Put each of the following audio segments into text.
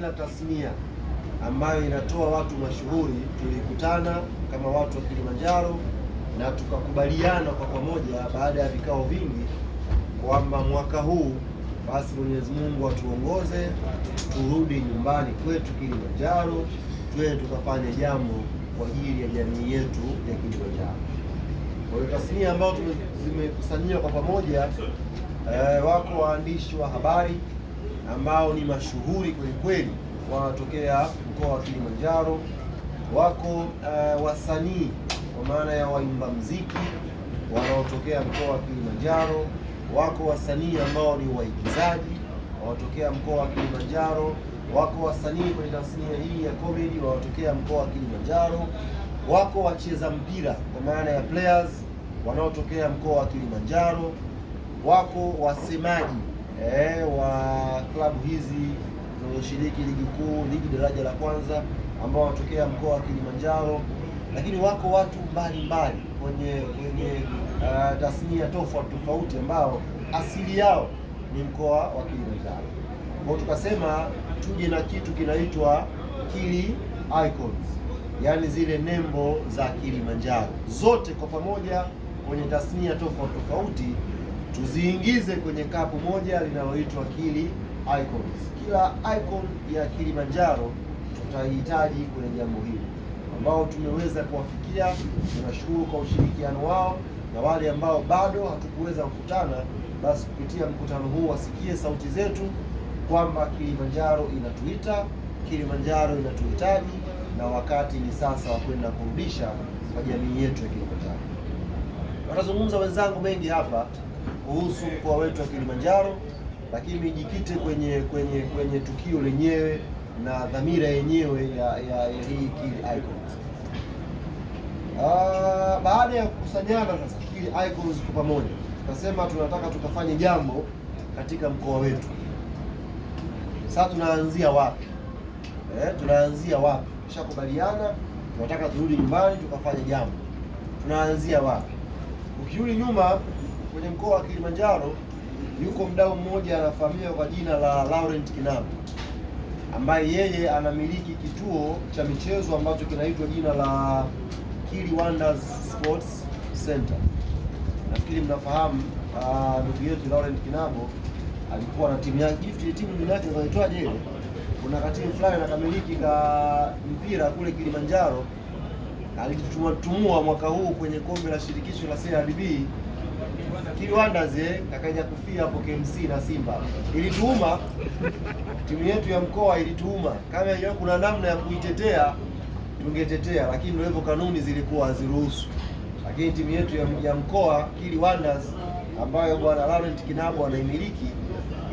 kila tasnia ambayo inatoa watu mashuhuri, tulikutana kama watu wa Kilimanjaro na tukakubaliana kwa pamoja baada ya vikao vingi kwamba mwaka huu basi Mwenyezi Mungu atuongoze turudi nyumbani kwetu Kilimanjaro, twende tukafanye jambo kwa ajili ya jamii yetu ya Kilimanjaro. Kwa hiyo tasnia ambayo zimekusanyia kwa pamoja, eh, wako waandishi wa habari ambao ni mashuhuri kweli kweli, wanatokea mkoa wa Kilimanjaro. Wako uh, wasanii kwa maana ya waimba mziki wanaotokea mkoa wa Kilimanjaro. Wako wasanii ambao ni waigizaji wanaotokea mkoa wa Kilimanjaro. Wako wasanii kwenye tasnia hii ya comedy wanaotokea mkoa wa Kilimanjaro. Wako wacheza mpira kwa maana ya players wanaotokea mkoa wa Kilimanjaro. Wako wasemaji eh, wa klabu hizi zinazoshiriki ligi kuu, ligi daraja la kwanza ambao wanatokea mkoa wa Kilimanjaro, lakini wako watu mbalimbali mbali, kwenye kwenye uh, tasnia tofauti tofauti ambao asili yao ni mkoa wa Kilimanjaro. Kwa tukasema tuje na kitu kinaitwa Kili Icons, yaani zile nembo za Kilimanjaro zote kwa pamoja kwenye tasnia tofauti tofauti tuziingize kwenye kapu moja linaloitwa Kili Icons. Kila icon ya Kilimanjaro tutahitaji kwenye jambo hili, ambao tumeweza kuwafikia. Tunashukuru kwa ushirikiano wao, na wale ambao bado hatukuweza kukutana, basi kupitia mkutano huu wasikie sauti zetu kwamba Kilimanjaro inatuita, Kilimanjaro inatuhitaji, na wakati ni sasa wa kwenda kurudisha kwa jamii yetu ya Kilimanjaro. Watazungumza wenzangu mengi hapa kuhusu mkoa wetu wa Kilimanjaro, lakini nijikite kwenye kwenye kwenye tukio lenyewe na dhamira yenyewe ya, ya, ya hii Kili Icons. Ah, baada ya kukusanyana sasa Kili Icons kwa pamoja tukasema tunataka tukafanye jambo katika mkoa wetu. Sasa tunaanzia wapi? Eh, tunaanzia wapi? Tushakubaliana tunataka turudi nyumbani tukafanye jambo, tunaanzia wapi? Ukirudi nyuma kwenye mkoa wa Kilimanjaro yuko mdau mmoja anafahamika kwa jina la Laurent Kinabu ambaye yeye anamiliki kituo cha michezo ambacho kinaitwa jina la Kili Wonders Sports Center. Nafikiri mnafahamu ah, ndugu yetu Laurent Kinabo alikuwa na timu yake gift timu yake inaitwa ile? Kuna katimu fulani anakamiliki ka mpira kule Kilimanjaro alitutumua mwaka huu kwenye kombe la shirikisho la CRDB Tiwi Wonders kakaja kufia hapo KMC na Simba. Ilituuma timu yetu ya mkoa ilituuma, kama ilikuwa kuna namna ya kuitetea tungetetea, lakini ndio hivyo, kanuni zilikuwa haziruhusu. Lakini timu yetu ya, ya mkoa Kili Wonders ambayo bwana Laurent Kinabo anaimiliki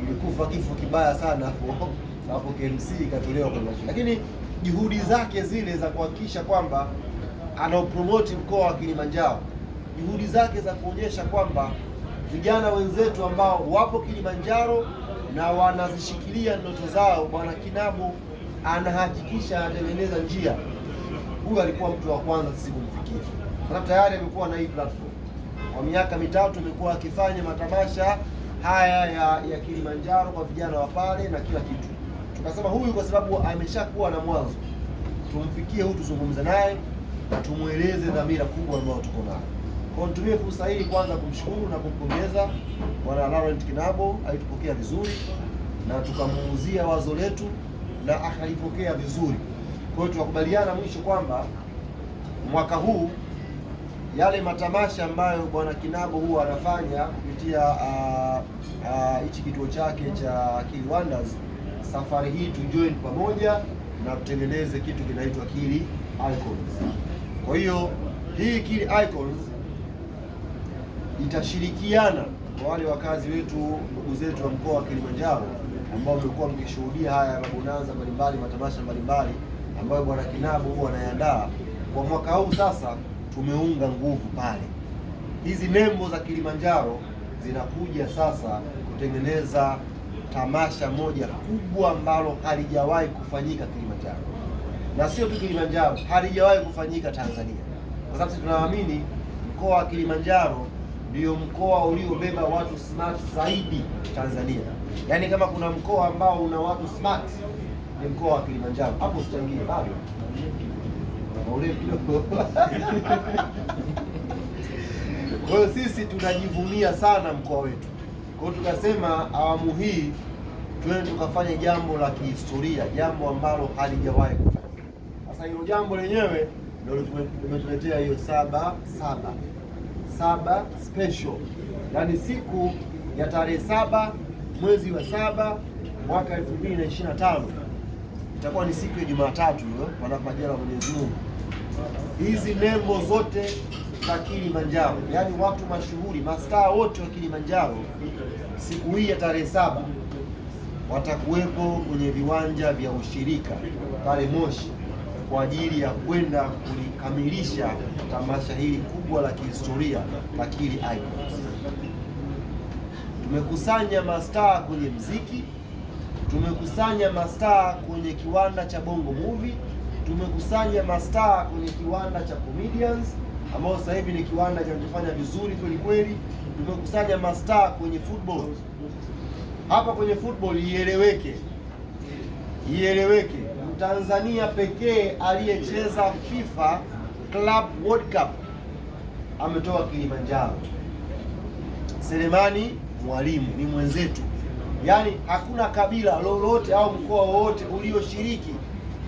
ilikufa kifo kibaya sana hapo hapo KMC, ikatolewa kwa macho, lakini juhudi zake zile za kuhakikisha kwamba anaopromote mkoa wa Kilimanjaro juhudi zake za kuonyesha kwamba vijana wenzetu ambao wapo Kilimanjaro na wanazishikilia ndoto zao, Bwana Kinabu anahakikisha anatengeneza njia. Huyu alikuwa mtu wa kwanza sisi kumfikia, sababu tayari amekuwa na hii platform kwa miaka mitatu, amekuwa akifanya matamasha haya ya, ya Kilimanjaro kwa vijana wa pale na kila kitu. Tukasema huyu kwa sababu ameshakuwa na mwanzo, tumfikie huyu, tuzungumze naye na tumweleze dhamira kubwa ambayo tuko nayo. Kwa nitumie fursa hii kwanza kumshukuru na kumpongeza Bwana Laurent Kinabo, alitupokea vizuri na tukamuuzia wazo letu na akalipokea vizuri. Kwa hiyo tunakubaliana mwisho kwamba mwaka huu yale matamasha ambayo Bwana Kinabo huwa anafanya kupitia hichi uh, uh, kituo chake cha Akili Wonders, safari hii join pamoja na tutengeneze kitu kinaitwa Kili Icons. Kwa hiyo hii Kili Icons itashirikiana kwa wale wakazi wetu ndugu zetu wa mkoa wa Kilimanjaro ambao mmekuwa mkishuhudia haya mabonanza mbalimbali, matamasha mbalimbali ambayo bwana Kinabo huwa anayaandaa kwa mwaka huu. Sasa tumeunga nguvu pale, hizi nembo za Kilimanjaro zinakuja sasa kutengeneza tamasha moja kubwa ambalo halijawahi kufanyika Kilimanjaro, na sio tu Kilimanjaro, halijawahi kufanyika Tanzania, kwa sababu tunaamini mkoa wa Kilimanjaro ndio mkoa uliobeba watu smart zaidi Tanzania. Yaani kama kuna mkoa ambao una watu smart ni mkoa wa Kilimanjaro. Hapo usichangie bado Kwa hiyo sisi tunajivunia sana mkoa wetu. Kwa hiyo tukasema awamu hii tuende tukafanye jambo la kihistoria, jambo ambalo halijawahi kufanyika. Sasa hilo jambo lenyewe ndio limetuletea hiyo saba saba saba special, yaani siku ya tarehe saba mwezi wa saba mwaka 2025 itakuwa ni siku ya Jumatatu hiyo, eh, kwa majira ya Mwenyezi Mungu. Hizi nembo zote za Kilimanjaro, yaani watu mashuhuri, mastaa wote wa Kilimanjaro, siku hii ya tarehe saba watakuwepo kwenye viwanja vya ushirika pale Moshi kwa ajili ya kwenda kulikamilisha tamasha hili kubwa la kihistoria la Kili Icons. Tumekusanya mastaa kwenye mziki, tumekusanya mastaa kwenye kiwanda cha Bongo Movie, tumekusanya mastaa kwenye kiwanda cha Comedians ambao sasa hivi ni kiwanda kinachofanya vizuri kweli kweli. Tumekusanya mastaa kwenye football. Hapa kwenye football ieleweke, ieleweke Mtanzania pekee aliyecheza FIFA Club World Cup ametoka Kilimanjaro. Selemani Mwalimu ni mwenzetu, yaani hakuna kabila lolote au mkoa wowote ulioshiriki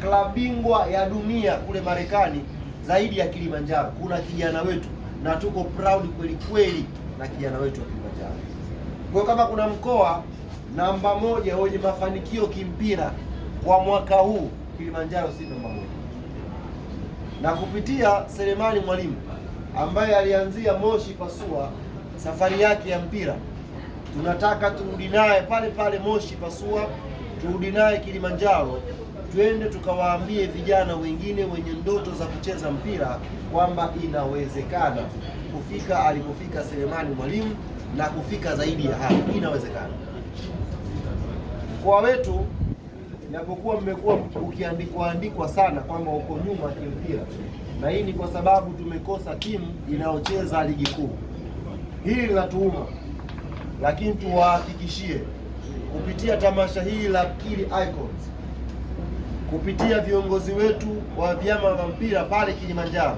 klabu bingwa ya dunia kule Marekani zaidi ya Kilimanjaro. Kuna kijana wetu na tuko proud kweli kweli na kijana wetu wa Kilimanjaro. Kwa kama kuna mkoa namba moja wenye mafanikio kimpira kwa mwaka huu Kilimanjaro City namba moja, na kupitia Selemani Mwalimu ambaye alianzia Moshi Pasua safari yake ya mpira. Tunataka turudi naye pale pale Moshi Pasua, turudi naye Kilimanjaro, twende tukawaambie vijana wengine wenye ndoto za kucheza mpira kwamba inawezekana kufika alipofika Selemani Mwalimu na kufika zaidi ya hapo, inawezekana kwa wetu inapokuwa mmekuwa ukiandikwa andikwa sana kwamba uko nyuma kimpira, na hii ni kwa sababu tumekosa timu inayocheza ligi kuu. Hili linatuuma, lakini tuwahakikishie kupitia tamasha hili la Kili Icons, kupitia viongozi wetu wa vyama vya mpira pale Kilimanjaro,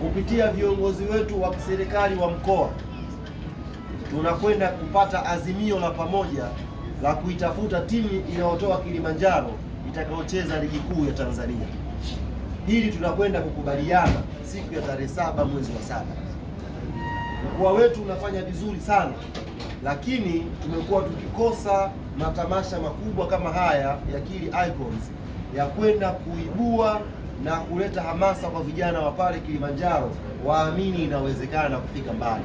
kupitia viongozi wetu wa serikali wa mkoa, tunakwenda kupata azimio la pamoja la kuitafuta timu inayotoa Kilimanjaro itakayocheza ligi kuu ya Tanzania. Hili tunakwenda kukubaliana siku ya tarehe saba mwezi wa saba. Mkoa wetu unafanya vizuri sana, lakini tumekuwa tukikosa matamasha makubwa kama haya ya Kili Icons ya kwenda kuibua na kuleta hamasa kwa vijana wa pale Kilimanjaro waamini inawezekana kufika mbali.